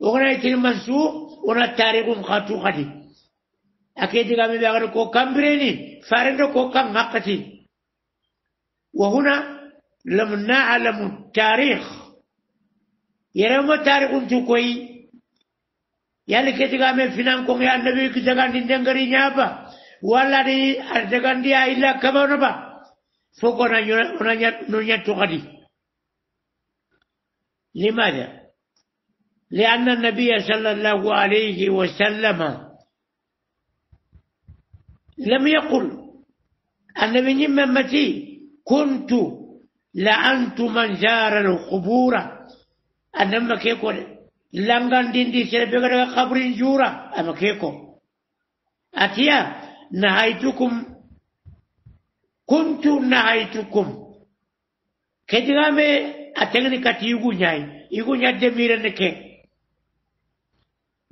وغنيت المنسوخ ونا التاريخ مخاتو خدي أكيد كامي بيغانو كو كامبريني فارندو كو كام مقتي وهنا لم نعلم التاريخ يا يعني ما تاريخ انتو كوي يالي يعني كي تقامي فنان كون يا يعني النبي كي تقان دين دنگري نيابا والا دي ارتقان دي آئلا كما نبا فوق ونانيا نونيا تقدي لماذا؟ لأن النبي صلى الله عليه وسلم لم يقل النبي من متي كنت لعنت من زار القبور انما كيكو لانغان دين دي سير بيغدا قبر جورا اما كيكو اتيا نهايتكم كنت نهايتكم كجامي اتغني كاتيغو ناي ايغو ناي دمير نك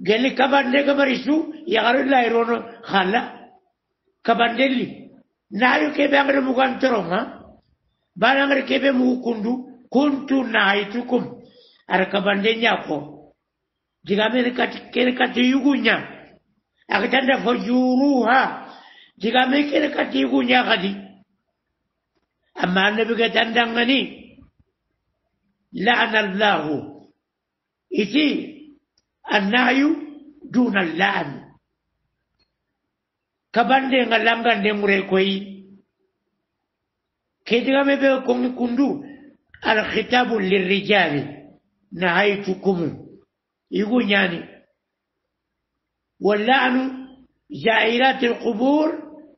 گلي كبر نك بريسو يا غار الله يرونو خالا كبر دلي نايو كي بيغدا بوغان ترون ها بارا مركب مو كندو كنت نهيتكم أركبان دي نياكو جيغا ميركات كيركات يغنيا أكتن فجوروها جيغا ميركات يغنيا غدي أما النبي قتن دنغني لعن الله إتي النهي دون اللعن كبان دي غلام غان دي مريكوي كدغم بكم كندو الخطاب للرجال نهايتكم يقول يعني واللعن زائرات القبور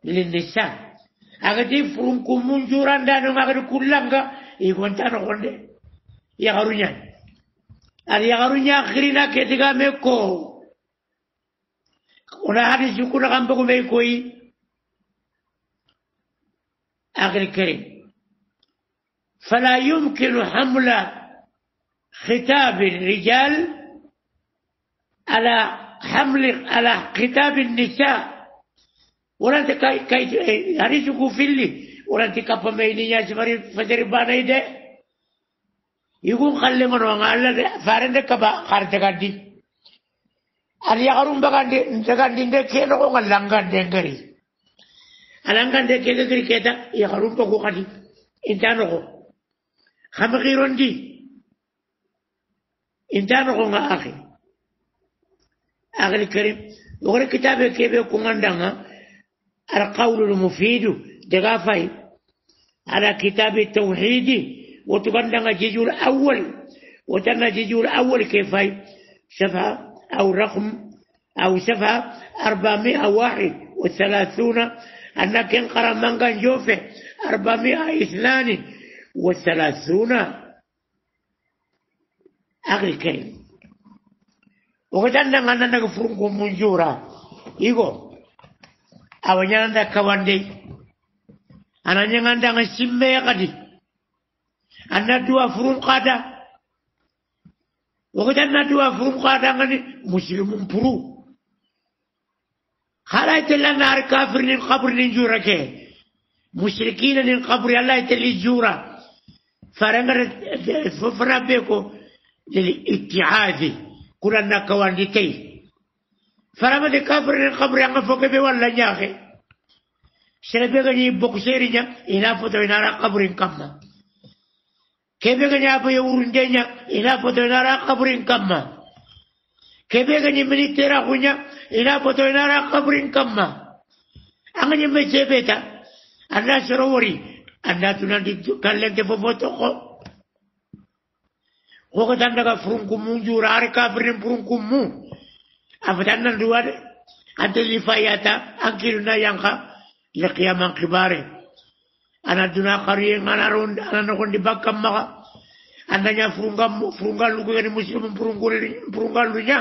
للنساء أغدي فرنكم منجورا دانو مغري كلانغا يقول تانو خلده يغرون يعني اليغرون يأخرنا كدغم بكم una hadis yukuna kambe kumei koi akhir karim فلا يمكن حمل خطاب الرجال على حمل على خطاب النساء ورانت كاي هاري سوكو فيلي ورانت كابا ميني يا سماري فجر بانا يدي يقول خلي من وانغالا فارن كبا خارتكادي أن يقرون بغاندي نتكادي نتكينو غلانغان دنگري ألانغان دنگري كيتا يقرون بغو خدي إنتانو خمغي دي انتان قونغا أخي أخي الكريم وغير كتابة كيف يكون عندنا القول المفيد دغافي على كتاب التوحيد وتبنى جيجو الأول وتبنى جيجو الأول كيف صفحة أو رقم أو صفحة 431 أن كان قرأ من كان جوفه 402 والثلاثون أخي الكريم وقد أننا أننا فرنكم منجورا إيقو أو نيانا كواندي أنا نيانا سمي قدي أنا دوا فرن قادا وقد ندوى دوا فرن قادا مسلم برو خلايت نار كافر للقبر لنجورا كي مشركين للقبر الله يتلي جورا فرنگر فرابه بيكو دل كل قرآن نکوان فرما دي كافر القبر يعني فوق بي ولا نياخي نیاخه غني بوكسيري بکسیری إنا اینا فتو اینا را قبر کمنا کبه گنی اپا یورنده نیا إنا فتو إنا قبر کمنا كيف غني منی تيرا خونیا إنا فتو إنا قبر کمنا انگا نیمه سیبه تا اللہ anda tunan kalle te fofoto ko ko ko tan daga furun ku mu jurare ka birin furun ku mu afatan nan duwa de ya ante li fayata akiru na yanka li qiyaman kibare ana duna khariye ngana ana no kondi bakkam maka anda nya furunga furunga lugu ni muslim furunga furunga lunya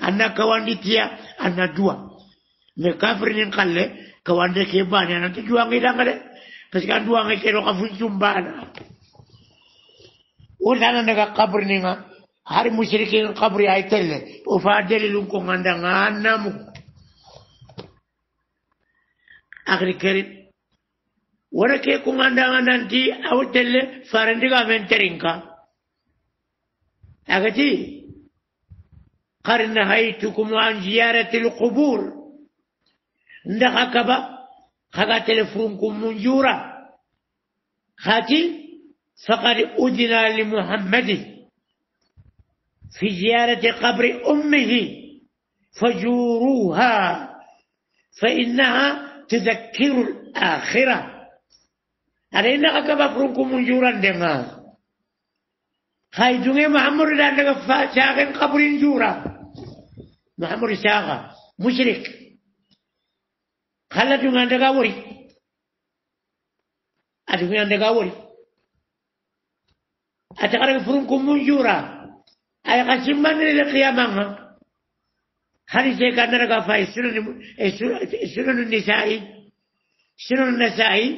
anda kawandi tia anda dua me kafir kalle kawan ke nanti ana tujuangi dangale parce que anduwanga kero ka funcumbana o nana ni kaburininga hari mushrikin kaburi ay telle o fa delilun ko ngandanga annamu akri kerit wona ke ko ngandanga nanti aw telle farandiga men terinka agati قد نهيتكم عن زيارة القبور ندخل كبا خغا تلفونكم منجورا خاتي فقد أذن لمحمد في زيارة قبر أمه فجوروها فإنها تذكر الآخرة علينا أكبا فرنكم منجورا دماغ هاي دوني محمد لأنك فاشاق قبر جورا محمد ساغا مشرك hallatu ngan daga wori adu ngan daga wori atakara furun kum munjura ay qasimman lil qiyamah hali je kan daga fa isrun isrun nisa'i isrun nisa'i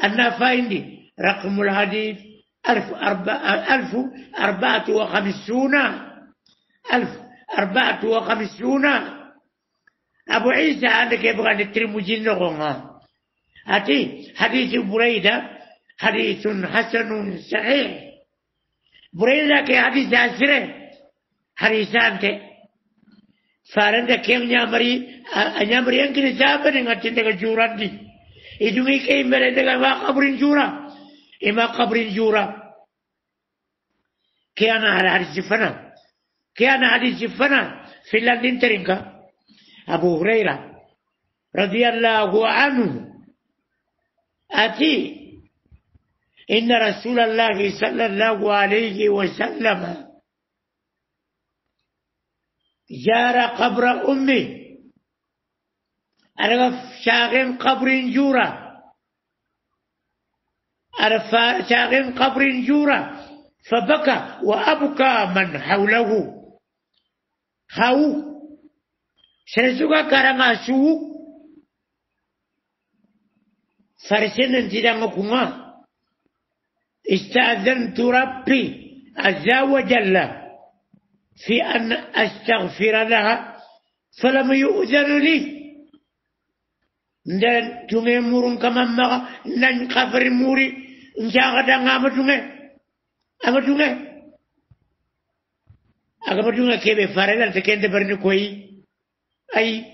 anna fa'indi رقم الحديث ألف أربعة ألف أربعة وخمسون ألف أربعة وخمسون أبو عيسى هذا كيف قال الترمذي لغوها أتي حديث بريدة حديث حسن صحيح بريدة كي حديث أسره حديثان تي فارن دا كيم نعمري نعمري أنك نجاب نغتين دا جوران دي إدوني كي مرين دا ما قبرين جورا إما قبرين جورا كي أنا على حديث فنا كي أنا حديث فنا في اللندن ترينكا أبو هريرة رضي الله عنه أتي إن رسول الله صلى الله عليه وسلم جار قبر أمي أنا شاغم قبر جورا أنا شاغم قبر جورا فبكى وأبكى من حوله خوف سنسوكا كارما سو فرسنا انتدام كما استأذنت ربي عز وجل في أن أستغفر لها فلم يؤذن لي nden tunge murun kama maga nan kafir muri njaga da ngama tunge ama tunge aga tunge kebe farela te kende berni koyi أي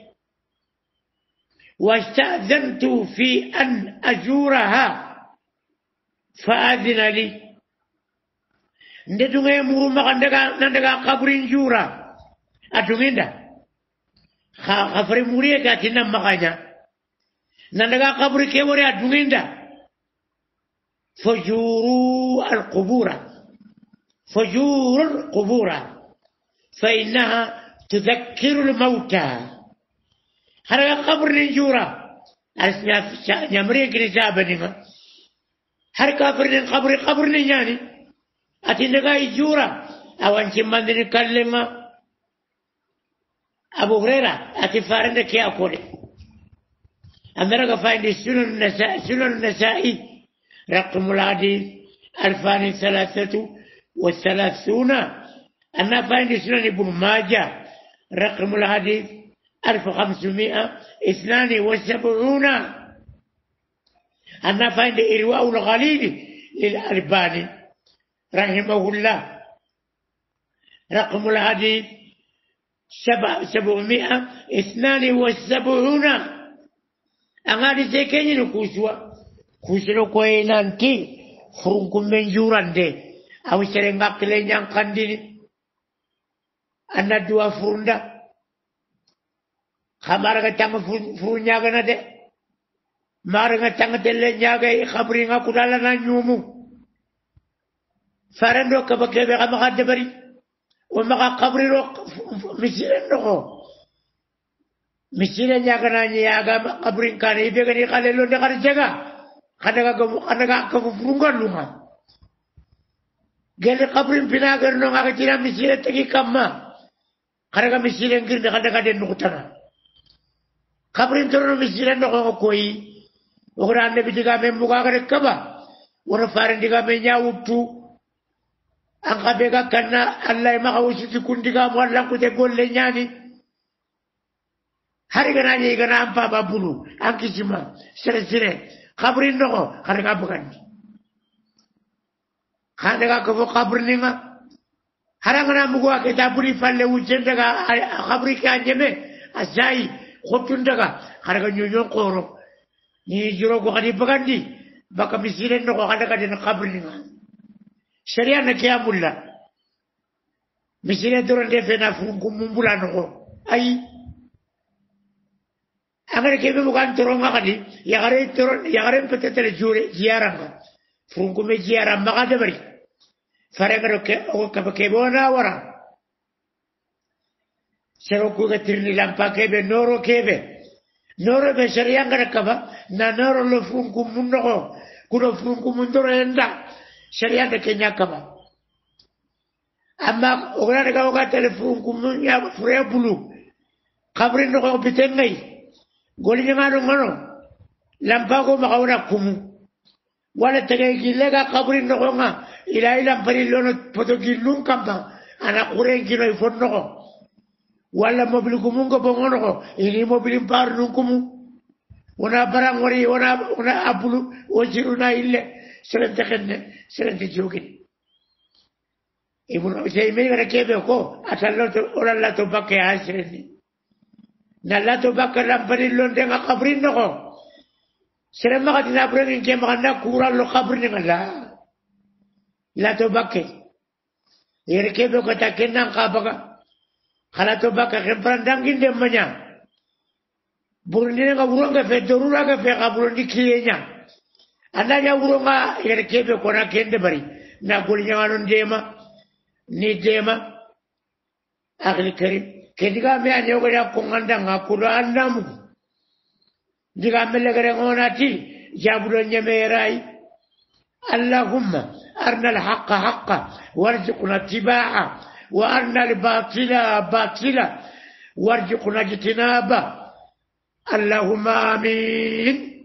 واستأذنت في أن أزورها فأذن لي ندعي مغو مغندقا قبر قبرين جورا أتوغيندا خفر موريه كاتنا مغانا ندقا قبر كيوري أتوغيندا فجوروا القبور فجور القبور فإنها تذكر الموتى هذا قبر نجورة أرسنا في الشأن يمريك نسابة نما هل قبر نين قبر قبر نجاني أتي نقاي جورة أو أنت من نكلم أبو هريرة أتي فارنا كي أقول أنا قفاين سنن النسائي سنن النسائي رقم العدي ألفان ثلاثة والثلاثون أنا فاين سنن ابن ماجه رقم الحديث 1572 أنا فاند إرواء الغليل للألباني رحمه الله رقم الحديث سبع سبعمائة اثنان وسبعون أغادي سيكيني نكوسوا كوسلو كوينانتي فرنكم من جوران دي أو سرنغاق يانقان ديني anadua furunda khamara ga tanga furu nyaga na de mara ga tanga delle nyaga i khabri nga kudala na nyumu farando ka bakebe ga maga debari o maga khabri ro misire ndoko misire nyaga na nyaga khabri kana ibe ga ni khale lo de khare jega khada ga khada ga ka furunga lunga gele khabri pina garno nga ga tira misire tegi kamma karaga misire ngirnde xanda ga den nuxutana kabrin torono misire noxongo koyi oxona annabi digame mugaga rek kaba wona fare ndigame ñawuttu an xa ɓega kanna allah e maxa wusiti kundigamo allankute golle ñani har igana ñe igana an paba bulu an kisima sere sere kabrin noxo xanaga bugandi xanaga kofo kabirninga harangana mugo ake taburi falle wujjen daga khabri ke anjeme asai khotun daga haraga nyonyon qoro ni jiro go hadi bagandi baka misire no go hada kadin khabri ni sharia na kiya mulla misire doron de fena fungu mumbula no go ai agar kebe bukan turun ga kadi ya gare turun ya gare petetele jure jiaranga fungu me jiaranga ga de bari فرقر كبكيبونا ورا سرقو كترني لامبا كيبي نورو كيبي نورو بشريان كركبا نا نورو لفون كمونغو كنو فون كمونغو هندا شريان كنيا كبا أما أغنى كاوكا تلفون كمونغو فريا بلو خبرين نغو بتنغي قولي نمانو منو لامبا كو مغاونا كمو ولا تغيكي لغا خبرين نغونا ilaila barillono potogillum kamma ana kurenkinoy fonnogo walla mobile kumun ko bongonogo ini mobile mpaaru nun kumu wona baran wori wona wona abbulu wo jiruna ille serente kenne serente jogini ibnu utaymin wara keɓe ko atalloto olallato bakke ha sereni nallato bakke lampanillondenga kabrinnogo sere magadina burengin ke maganda kurallo kabriningala لا تبكي يركضوا كتاكنا قابقا خلا تبكى خبران دانجين دمنا برنين غورون في الدرورة في غبرون دي كلينا أنا يا غورون يركضوا كنا كند بري نقول نوانون ديما ني ديما أغلي كريم كديكا مي أن يوغدا كونغان دانغا كولا أنامو ديكا ملغرين هوناتي جابلون يميراي اللهم أرنا الحق حقا وارزقنا اتباعه وأرنا الباطل باطلا وارزقنا اجتنابه اللهم آمين